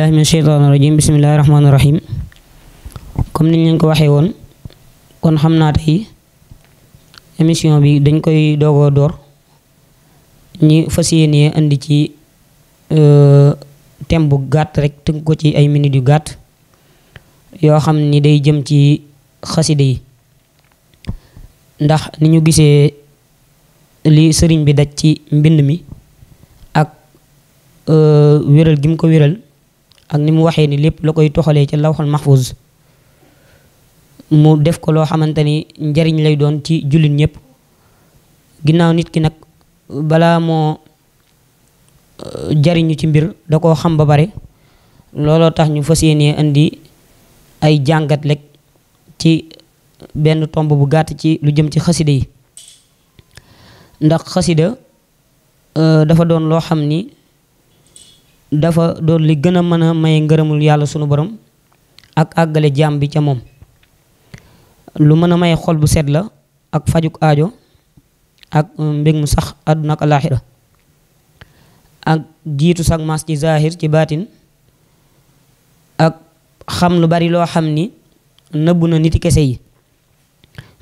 billahi min sheytaan rajim bismillahi rahmaani rahim niñ leen ko waxee woon kon xam naa tey émission bi dañ koy doogoo door ñi fas yéenee indi ci euh, thème bu gàtt rek tënk ko ci ay minutes yu gàtt yoo xam ni day jëm ci xaside yi ndax ni ñu gisee li sëriñ bi daj ci mbind mi ak euh, wéral gi mu ko wéral ak ni mu waxee ni lépp la koy toxalee ci lawxul mahfuz mu def ko loo xamante ni njariñ lay doon ci jullit ñëpp ginnaaw nit ki nag balaa moo euh, jariñu ci mbir da koo xam ba bare looloo tax ñu fas yéenee indi ay jàngat lekk ci benn tomb bu gàtt ci lu jëm ci xasida yi ndax xasida euh, dafa doon loo xam ni dafa doon li gën a mën a maye ngërëmul yàlla sunu borom ak àggale jaam bi ca moom lu mën a maye xol bu set la ak fajuk aajo ak mbég mu sax àdduna ak alaaxira ak jiitu sag maas ci zahir ci baatin ak xam lu bari loo xam ni nëbbu na niti kese yi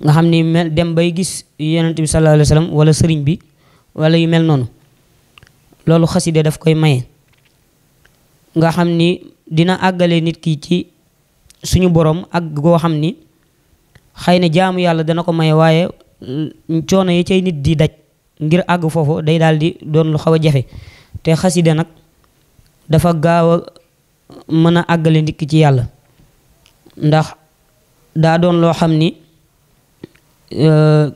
nga xam ni mel dem bay gis yonent bi sallallahu alayhi wala sëriñ bi walla yu mel noonu loolu xaside daf koy maye nga xam ni dina àggale nit ki ci suñu boroom ak goo xam ni xëy na jaamu yàlla dana ko may waaye mm, coono yi cay nit di daj ngir àgg foofu day daal doon lu xaw a jafe te xasida nag dafa gaaw a mën a àggale ndikk ci yàlla ndax daa doon loo xam ni euh,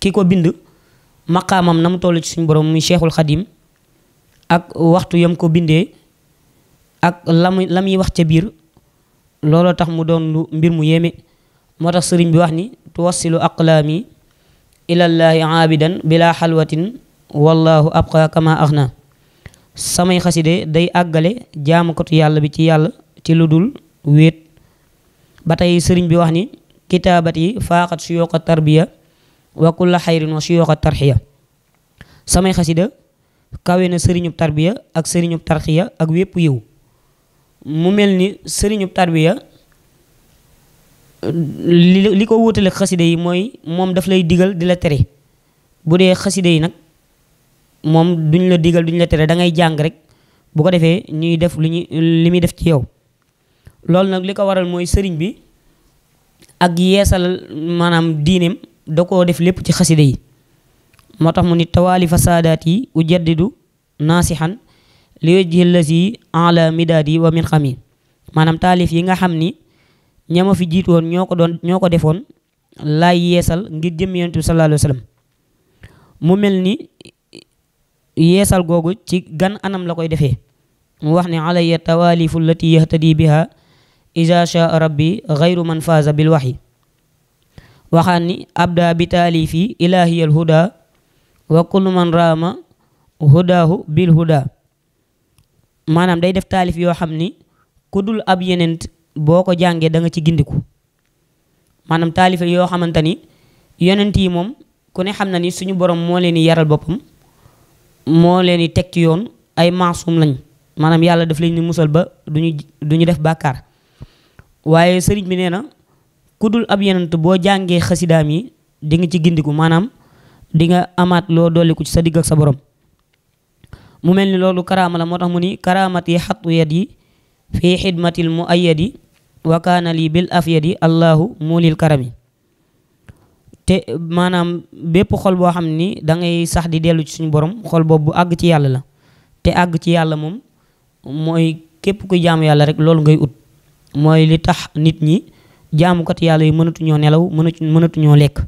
ki ko bind makaamam na mu toll ci suñu borom muy cheikhul xadim ak waxtu yam ko bindee ak la la muy wax ca biir looloo tax mu doon lu mbir mu yéeme moo tax sëriñ bi wax ni tuwassilu aqlaami ilallaahi aabidan bila xalwatin wallahu abqa kama axna samay xaside day àggale jaamukatu yàlla bi ci yàlla ci lu dul wéet ba tey sëriñ bi wax ni kitaabat yi faaxat suyooqa tarbiya wa kulla xayrin wa suyooqa tarxiya samay xasida kawe na sëriñub tarbiya ak sëriñub tarxiya ak wépp yiw mu mel ni sëriñub tarbiya li li ko wóotale xaside yi mooy moom daf lay digal di la tere bu dee xaside yi nag moom duñ la digal duñ la tere da ngay jàng rek bu ko defee ñuy def li ñuy li muy def ci yow loolu nag li ko waral mooy sëriñ bi ak yeesal maanaam diineem da koo def lépp ci xaside yi moo tax mu ni tawaali fasaadaat yi u jaddidu xan li wajhi llasi ala midaadi wa min xami maanaam taalif yi nga xam ni ñama fi jiitu woon ñoo ko doon ñoo ko defoon laay yeesal ngir jëm yonent bi sallallahu mu mel ni yeesal googu ci gan anam la koy defee mu wax ne alaya tawaalifu lati yahtadi biha iza shaa rabbi gayru man faaza ni abda bi taalifi ilahiya al wa kullu man raama hudaahu bil huda maanaam day def taalif yoo xam ni ku dul ab yenent boo ko jàngee da nga ci gindiku maanaam taalife yoo xamante ni yonent yi moom ku ne xam na ni suñu borom moo leen di yaral boppam moo leen yi teg ci yoon ay maasum lañ maanaam yàlla def leen di musal ba duñu duñu def bàkkaar waaye sëriñ bi nee na ku dul ab yonent boo jàngee xasidaam yi di nga ci gindiku maanaam di nga amaat loo dolliku ci sa digg ak sa borom mu mel ni loolu karaama la moo tax mu ni karaamati xatu yadi fi xidmatil mu ayadi wa kaana lii bil afyadi allahu muulil karami te maanaam bépp xol boo xam ni dangay sax di dellu ci suñu borom xol boobu bu àgg ci yàlla la te àgg ci yàlla moom mooy képp kuy jaamu yàlla rek loolu ngay ut mooy li tax nit ñi jaamukat yàlla yi mënatuñoo nelaw mënatu mënatuñoo lekk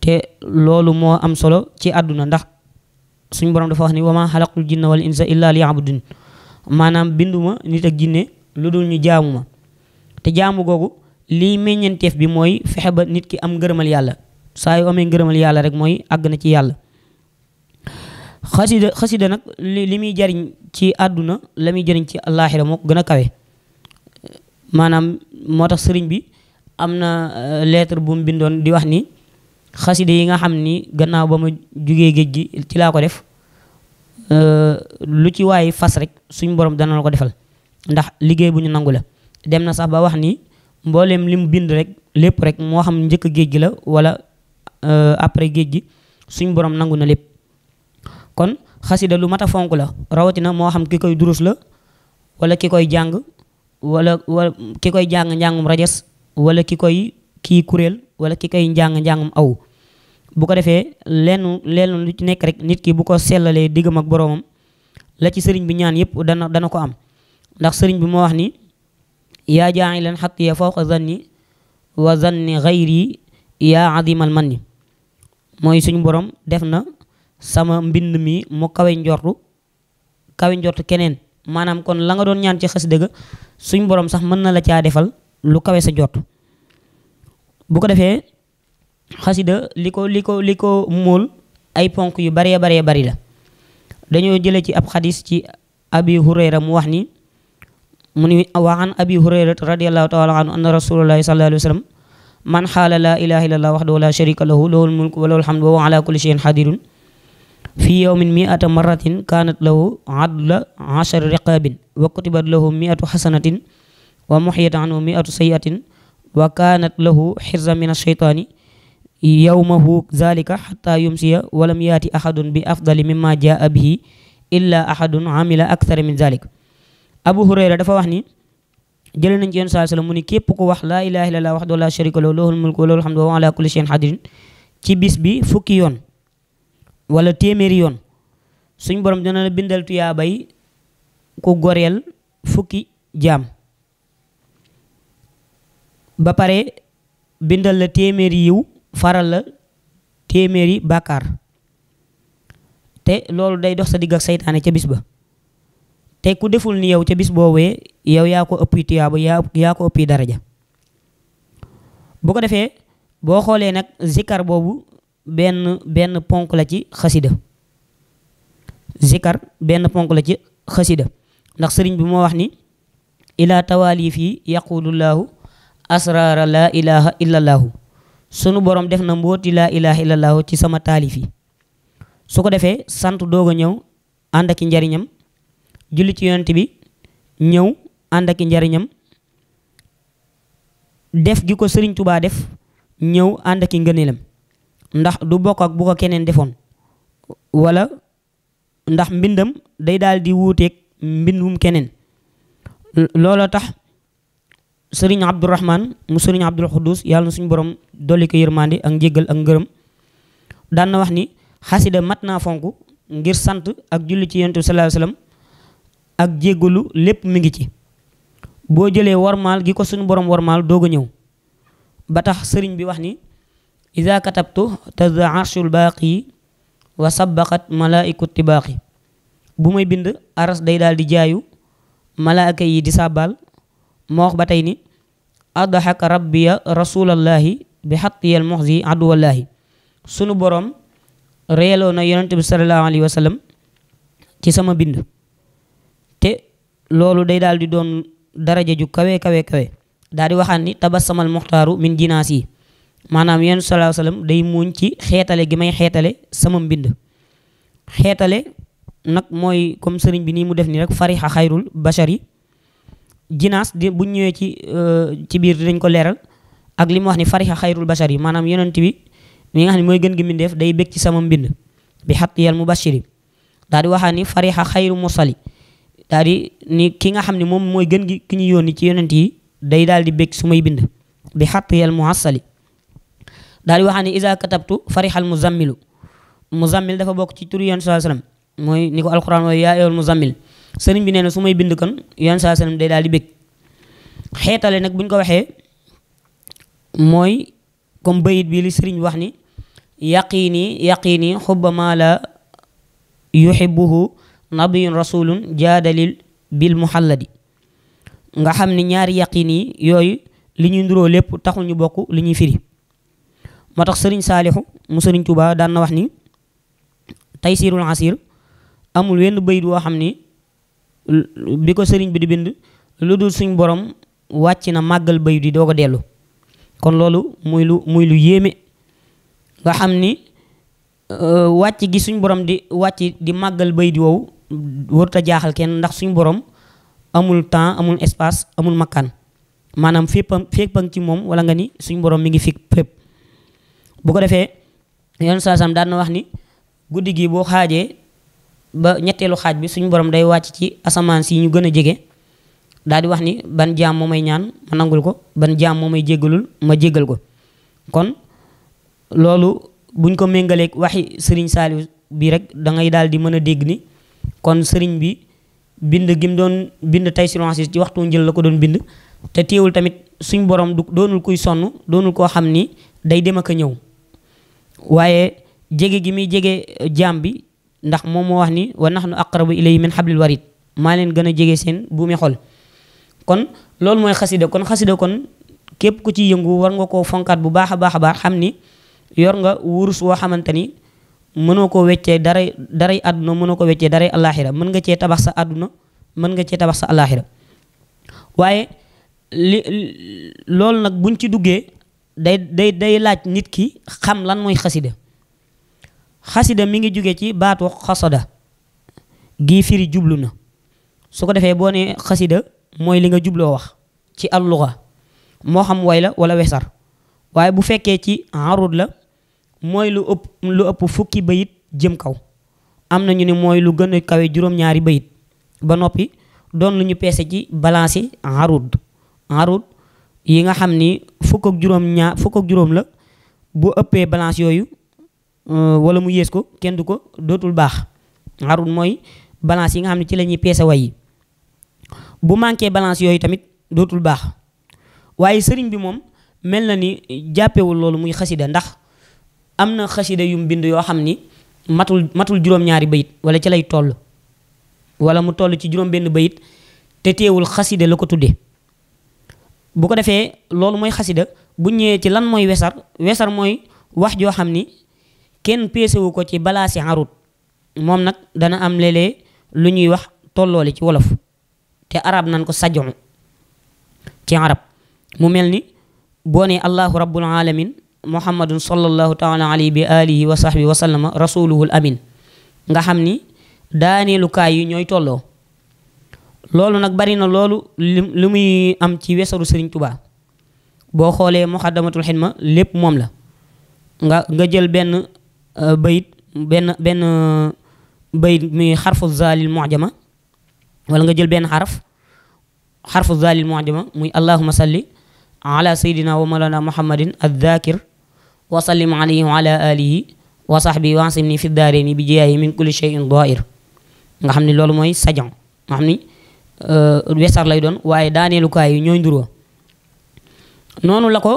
te loolu moo am solo ci àdduna ndax suñ borom dafa wax ni wama xalaqul jinna wal insa illa liyabudun maanaam binduma nit ak jinne lu dul ñu jaamu ma te jaamu googu lii meññeenteef bi mooy fexe ba nit ki am ngërëmal yàlla saa yu amee ngërëmal yàlla rek mooy àgg na ci yàlla xasida xasida nag li muy jariñ ci àdduna la muy jariñ ci àllaaxira moo gën a kawe maanaam moo tax sëriñ bi am na euh, lettre bu mu bindoon di wax ni xasida yi nga xam ni gannaaw ba ma jugee géej gi ci laa ko def Euh, lu ci waay fas rek suñ borom dana la ko defal ndax liggéey bu ñu nangu la dem na sax ba wax ni mbooleem li mu bind rek lépp rek moo xam njëkk géej gi la wala euh, après géej gi suñ borom nangu na lépp kon xasida lu mat a fonk la rawatina moo xam ki koy durus la wala ki koy jàng wala wala ki koy jàng njàngum rajas wala ki koy kii kuréel wala ki koy njàng njàngum aw bu ko defee lenn lenn lu ci nekk rek nit ki bu ko sellalee diggam ak boroomam la ci sëriñ bi ñaan yëpp dana dana ko am ndax sëriñ bi moo wax ni yaa jaa'ilan xattiya fawqa zanni wa zanni xayri yaa azimal manni mooy suñu borom def na sama mbind mi mu kawe njortu kawe njortu keneen maanaam kon la nga doon ñaan ci xasida ga suñu borom sax mën na la caa defal lu kawe sa njortu bu ko defee xasida li ko li ko li ko móol ay ponk yu baree baree bari la dañoo jële ci ab xadis ci abi hurayra mu wax ni mu ni wa an abi hurayra radiallahu taala anhu anna rasulullahi sallallahu alayhi wa sallam man xaala laa ilaha illallah waxdahu la sharika lahu lahul mulku wa lahul hamdu wa ala kulli shay'in xadirun fi yawmin miata marratin kaanat lahu adla ashari riqabin wa kutibat lahu miatu xasanatin wa muxiyat anhu miatu sayiatin wa kaanat lahu xirza min ashaytaani yawmahu zalika xata yumsiya walam yaati ahadun bi afdali mimma jaa bihi illa ahadun amila akthara min zalik abu hurayra dafa wax ni jëlee nañ ci yoon saa mu ni képp ku wax laa ilaha illallah wahdahu la sharika lahu lahul mulku wa lahul hamdu wa kulli shay'in hadirin ci bis bi fukki yoon wala téeméeri yoon suñ borom dina la bindal tuyaabay ku goreel fukki jaam ba pare bindal la téeméeri faral la téeméeri bàkkaar te loolu day dox sa digg ak seytaane ca bis ba te ku deful ni yow ca bis boobee yow yaa ko ëppi tuyaaba yaa yaa ko ëppi daraja bu ko defee boo xoolee nag zikar boobu benn benn ponk la ci xasida zikar benn ponk la ci xasida ndax sëriñ bi moo wax ni ila tawali fii yaqulullahu asrara la ilaha illa sunu borom def na mbooti laa ilaha illallah ci sama taalif yi su ko defee sant doog a ñëw ànd ak i njariñam julli ci yonent bi ñëw ànd ak i njariñam def gi ko Sëriñ Tubaa def ñëw ànd ak i ngëneelam ndax du bokk ak bu ko keneen defoon walla ndax mbindam day daal di wuuteeg mbindum keneen looloo tax sëriñ abdourahman mu sëriñ abdul xudus yàlla na suñu borom dolli ko yërmande ak njéggal ak ngërëm daan na wax ni xasida mat naa fonk ngir sant ak julli ci yonent bi sallallahu alayhi ak jéggalu lépp mu ngi ci boo jëlee warmaal gi ko suñ boroom warmaal doog a ñëw ba tax sëriñ bi wax ni ida katabtu tazza arshul baaqi wa sabaqat malaa'iku tibaaqi bu may bind aras day daal di jaayu malaaka yi di sàbbaal moo wax ba tey ni adhaka rabbiya rasulallaahi bi xattiyal moxsi aduwallaahi sunu boroom reeloo na yonent bi salallaahu alayhi wa ci sama mbind te loolu day daal di doon daraja ju kawe kawe kawe daal di waxaat ni tabassamal muxtaaru min jinaas yi maanaam yonent bi salallaahu day muuñ ci xeetale gi may xeetale sama mbind xeetale nag mooy comme sëriñ bi nii mu def nii rek farixa xayrul bashari jinaas di bu ñëwee ci euh, ci biir dinañ ko leeral ak li mu wax ni farixa xayrul bashar yi maanaam yonent bi mi nga xam ne mooy gën gi mbindeef day bég ci sama mbind bi xatiyal mubashiri daal di waxaa ni farixa xayru mursali daal di ni ki nga xam ne moom mooy gën gi ki ñu yónni ci yonent yi day daal di bég su may bind bi xatiyal muhassali daa di waxaa ni isa katabtu farixal mu mu muzammil dafa bokk ci turu yoon sallallahu alayhi mooy ni ko alxuraan waaye yaa ayyuhal muzammil sëriñ bi nee na su may bind kan yoon saa sëriñ day daal di bëgg xeetale nag bu ñu ko waxee mooy comme bayit bii li sëriñ wax ni yaqiini yaqiini xubba maa la yuhibbuhu nabiyun rasulun jaadalil bil muhalladi nga xam ni ñaari yaqiin yi yooyu li ñuy nduroo lépp taxul ñu bokk li ñuy firi moo tax sëriñ saalixu mu sëriñ Tuubaa daan na wax ni taysirul asir amul wenn bayit woo xam ni bi ko sëriñ bi di bind lu dul suñ borom wàcc na màggal bayit di doo ko dellu kon loolu muy lu muy lu yéeme nga xam ni euh, wàcc gi suñ borom di wàcc di màggal bayit woowu warut a jaaxal kenn ndax suñ boroom amul temps amul espace amul makkaan maanaam féppam féppam ci moom wala nga ni suñ borom mi ngi fi fépp bu ko defee yoon saa sam daan na wax ni guddi gi boo xaajee ba ñetteelu xaaj bi suñu borom day wàcc ci asamaan si ñu gën a jege daal di wax ni ban jaam moo may ñaan ma nangul ko ban jaam moo may jéggalul ma jéggal ko kon loolu buñ ko méngaleek waxi sëriñ Saliou bi rek dangay ngay daal di mën a dégg ni kon sëriñ bi bind gi doon bind tey silence ci waxtu njël la ko doon bind te teewul tamit suñ boroom du doonul kuy sonn doonul koo xam ni day dem ak ñëw waaye jege gi muy jege jaam bi ndax moom moo wax ni wa nahnu aqrabu ilayhi min hablil warid maa leen gën a jege seen buumi xol kon loolu mooy xasida kon xasida kon képp ku ci yëngu war nga koo fonkaat bu baax a baax a baax xam ni yor nga wurus woo xamante ni mënoo ko weccee daray daray àdduna mënoo ko weccee daray alaxira mën nga cee tabax sa àdduna mën nga cee tabax sa alaxira waaye li loolu nag buñ ci duggee day day day laaj nit ki xam lan mooy xasida xasida mi ngi jóge ci baatu xasoda gi firi jublu na su ko defee boo ne xasida mooy li nga jubloo wax ci alluga moo xam woy la wala wesar waaye bu fekkee ci arud la mooy lu ëpp lu ëpp fukki bayit jëm kaw am na ñu ne mooy lu gën a kawe juróom-ñaari bayit ba noppi doon lu ñu peese ci balance arud arud yi nga xam ni fukk ak juróom ñaar fukk ak juróom la bu ëppee balance yooyu Euh, wala mu yées ko kenn du ko dootul baax arun mooy balance yi nga xam ne ci lañuy peese way yi bu manqué balance yooyu tamit dootul baax waaye sëriñ bi moom mel na ni jàppewul loolu muy xasida ndax am na xasida yum bind yoo xam ni matul matul juróom-ñaari bayit wala ci lay toll wala mu toll ci juróom-benn bayit te teewul xasida la ko tuddee bu ko defee loolu mooy xasida buñ ñëwee ci lan mooy wesar wesar mooy wax joo xam ni kenn peesewu ko ci balaa si xarut moom nag dana am léeg lu ñuy wax tolloole ci wolof te arab nan ko sajoŋ ci arab mu mel ni boo ne allahu rabbul alamin muhammadun sallallahu taala alayhi bi alihi wa sahbi wa sallama rasuluhul amin nga xam ni daaneelu kaay yi ñooy tolloo loolu nag bari na loolu li muy am ci wesaru Sëriñ Tuubaa boo xoolee muxaddamatul xidma lépp moom la nga nga jël benn Euh, bayit benn benn euh, bayit muy xarfu zaalil mujama wala nga jël benn xaraf xarfu zaalil mujama muy allahuma salli ala sayidina wa mawlana muhammadin addaakir wa sallim alayhi wa ala alihi wa sahbi wa asimni fi daareeni bi jiyaayi min kulli shay'in daahir nga xam ni loolu mooy sajan nga xam ni euh, wesar lay doon waaye daaneelukaay yi ñooy nduroo noonu la ko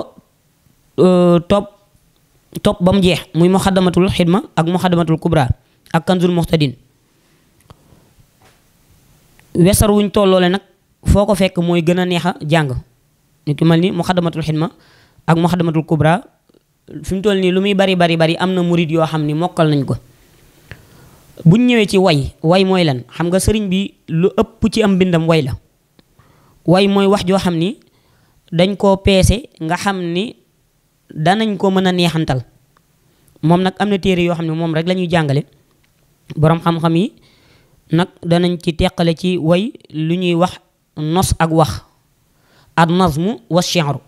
topp ba mu jeex muy muxadamatul xidma ak muxadamatul kubra ak kanzul muxtadin wesar wuñ tolloole nag foo ko fekk mooy gën a neex a jàng ñu ki mel ni muxadamatul xidma ak muxadamatul kubra fi mu toll nii lu muy bari bari bari am na murit yoo xam ni mokkal nañ ko buñ ñëwee ci way way mooy lan xam nga sëriñ bi lu ëpp ci am bindam way la way mooy wax joo xam ni dañ koo peese nga xam ni danañ ko mën a neexantal moom nag am na téere yoo xam ne moom rek lañuy jàngale boroom xam-xam yi nag danañ ci teqale ci way lu ñuy wax nos ak wax ad nazmu wa shi'ru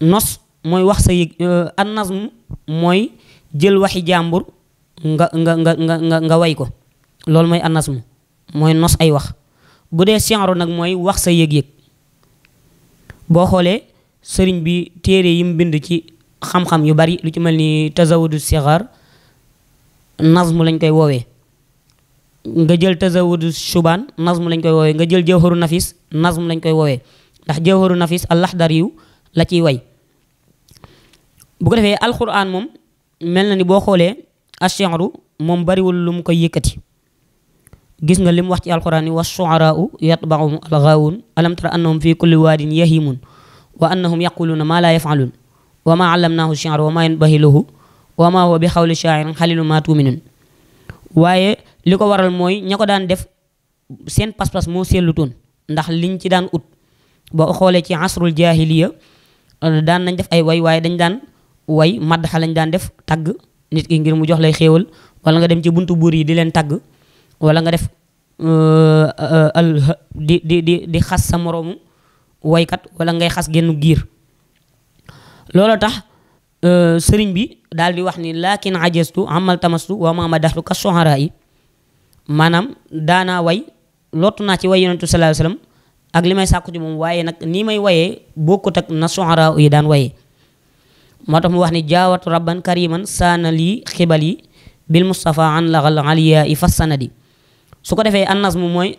nos mooy wax sa yëg euh, ad nazmu mooy jël waxi jàmbur nga nga nga nga nga way ko loolu mooy ad nazmu mooy nos ay wax bu dee shi'ru nag mooy wax sa yëg-yëg boo xoolee sëriñ bi téere yi mu bind ci xam-xam yu bari lu ci mel ni tazawudu sixaar nazmu lañ koy woowe nga jël tazawudu shubaan nazmu lañ koy woowe nga jël jawharu nafis nazmu lañ koy woowee ndax jawharu nafis allaxdar yu la ciy way bu ko defee alquran moom mel na ni boo xoolee ash-shi'ru moom bariwul lu mu koy yëkkati gis nga li mu wax ci alquran yi wa shu'araa'u yatba'uhum al-ghaawuun alam tara annahum fi kulli waadin yahiimuun waa annahum yaquluuna maa laa yafaluun wa maa allamnaahu shi'ra wa maa yanbaghii lahu bi xawli shaa'irin qaliilan maa tu'minuun waaye li ko waral mooy ña ko daan def seen pas-pas moo seetlu seetlutoon ndax liñ ci daan ut ba xoolee ci asrul jaahiliya daan nañ def ay way waaye dañ daan way maddaxa lañ daan def tagg nit ki ngir mu jox lay xéewal wala nga dem ci buntu buur yi di leen tagg wala nga def euh, euh, di di di xas sa moroomu woykat wala ngay xas genn giir looloo tax euh, sëriñ bi daal di wax ni laakin ajastu amal tamastu wa ma madaxtu ka soxara yi maanaam daanaa way lottu naa ci way yonentu sallallahu ak li may sàkku moom waaye nag nii may wayee bokkut ak na soxara yi daan wayee moo tax mu wax ni jaawatu rabban kariman saana lii xibal yi bil mustafa an laxal aliya yi fas sanadi su ko defee annas mu mooy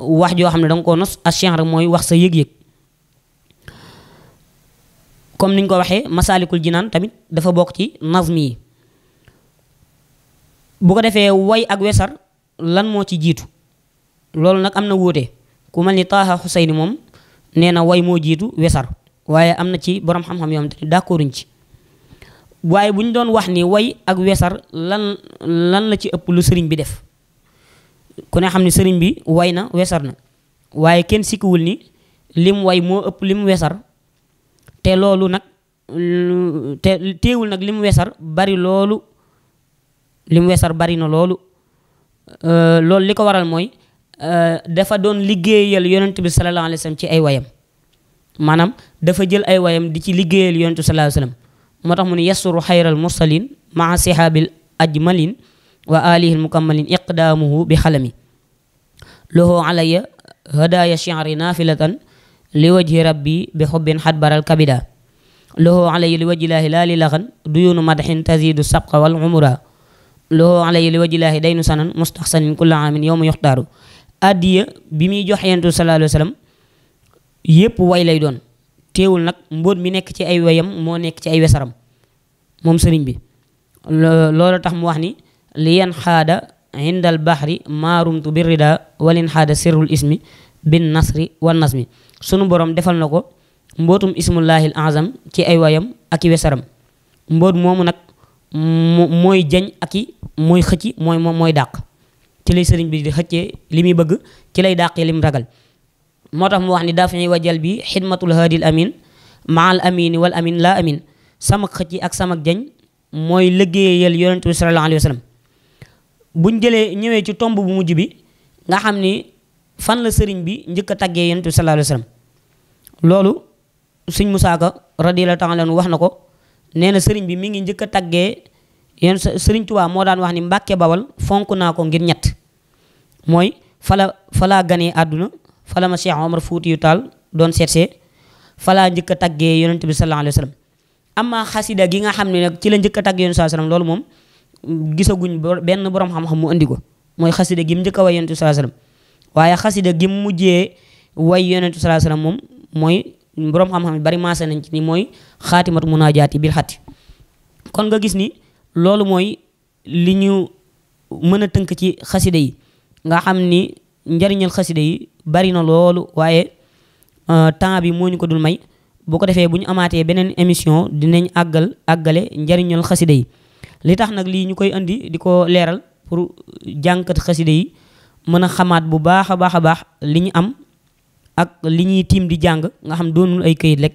wax joo xam ne danga koo nos achian rek mooy wax sa yëg-yëg comme niñ ko waxee masaalikul jinaan tamit dafa bokk ci nazmi yi bu ko defee way ak wesar lan moo ci jiitu loolu nag am na wuute ku mel ni taaha xuseyni moom nee na way moo jiitu wesar waaye am na ci boroom xam-xam yoo xam te ci waaye bu ñu doon wax ni way ak wesar lan lan la ci ëpp lu sëriñ bi def ku ne xam ni sëriñ bi way na wesar na waaye kenn sikkiwul ni lim way moo ëpp lim wesar te loolu nag te teewul nag lim wesar bari loolu lim wesar bari na loolu euh, loolu li ko waral mooy euh, dafa doon liggéeyal yonent bi sallallahu alayhi ci ay wayam maanaam dafa jël ay wayam di ci liggéeyal yonent bi sallallahu moo tax mu ne yasuru xayral mursalin maa sihaabil ajmalin wa alihi almukammalin iqdaamuhu bi xalami lahu alaya hadaaya shi'ri naafilatan li wajhi rabbi bi xubbin xadbaral kabida lahu alaya li wajhi laahi laa li laxan duyunu madaxin tazidu sabqa wal umura lahu alaya li wajhi laahi daynu sanan mustaxsanin kulla aamin yowma yuxtaaru addiya bi muy jox yentu sallallahu alayhi wa sallam yépp way lay doon teewul nag mbóot mi nekk ci ay wayam moo nekk ci ay wesaram moom sëriñ bi loolu tax mu wax ni liyan xaada indal baxri maarumtu bi rida walin xaada sirrul ismi bin nasri wa nasmi sunu borom defal na ko mbootum ismullahil azam ci ay wayam ak i wesaram mboot moomu nag mooy jañ ak i mooy xëcc mooy moom mooy dàq ci lay sëriñ bi di xëccee li muy bëgg ci lay li mu ragal moo tax mu wax ni daafii wajal bi xidmatul haadil amin maal amini wal amin laa amin sama xëcci ak sama jañ mooy liggéeyal yonent bi sallallahu alayhi wa sallam buñ jëlee ñëwee ci tomb bu mujj bi nga xam ni fan la sëriñ bi njëkk a taggee yonent bi sallallahu alayhi wa sallam loolu sëñ Musaa Ka radiyallahu taala anhu wax na ko nee na bi mi ngi njëkk a taggee yéen sëriñ Tuubaa moo daan wax ni Mbàkke Bawal fonk naa ko ngir ñett mooy fala falaa ganee àdduna fala ma Cheikh Omar Fuuti yu taal doon seetsee falaa njëkk a taggee yonent bi sallallahu alayhi wa sallam amma xasida gi nga xam ni nag ci la njëkk a taggee yonent sallallahu alayhi loolu moom gisaguñ benn borom xam-xam mu indi ko mooy xasida gim njëkk a way yonentu waaye xaside gim mujjee way yonentu sallallahu alayhi moom mooy borom xam-xam bari maase nañ ci ni mooy xaatimatu munaajaati bil xatti kon nga gis ni loolu mooy li ñu mën a tënk ci xaside yi nga xam ni njariñal xaside yi bari na loolu waaye euh, temps bi moo ñu ko dul may boo ko defee bu ñu amaatee beneen émission dinañ àggal àggale njariñal xaside yi li tax nag lii ñu koy indi di ko leeral pour jànkat xasida yi mën a xamaat bu baax a baax a baax li ñu am ak li ñuy tiim di jàng nga xam doonul ay kayit rek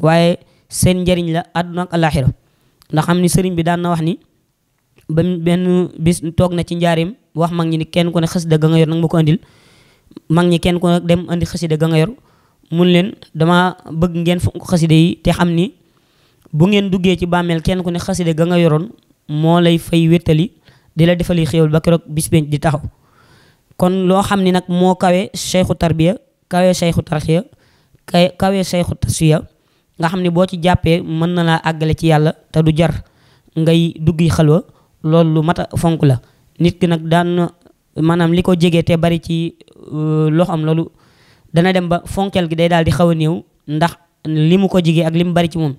waaye seen njariñ la àdduna ak alaxira ndax xam ni sëriñ bi daan na wax ni ba benn bis toog na ci njaareem wax mag ñi ni kenn ku ne xasida ga nga yor nag ko mag ñi kenn ku ne dem andi xasida ga nga yor mun leen dama bëgg ngeen fonk xasida yi te xam ni bu ngeen duggee ci bàmmeel kenn ku ne xasida ga nga yoroon moo lay fay wéttali di la defali xéewal ba keroog bis di taxaw kon loo xam ni nag moo kawe sayxu tarbiya kawe sayxu tarxiya kawe sayxu tasfiya nga xam ni boo ci jàppee mën na laa àggale ci yàlla te du jar ngay duggi xalwa loolu lu mat a fonk la nit ki nag daan maanaam li ko jege te bari ci euh, loxoom loolu dana dem ba fonkeel gi day daal di xaw a néew ndax li mu ko jigee ak li mu bari ci moom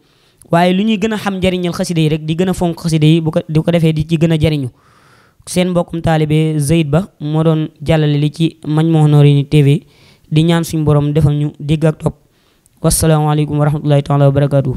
waaye lu ñuy gën a xam njariñal xasida yi rek di gën a fonk xasida yi bu ko di ko defee di ci gën a jariñu seen mbokkum taalibe Zaid Ba moo doon jàllale li ci mañ Majmahun Nurayni TV di ñaan suñu borom defal ñu dégg ak topp wasalaamaaleykum wa rahmatullahi taala wa barakaatu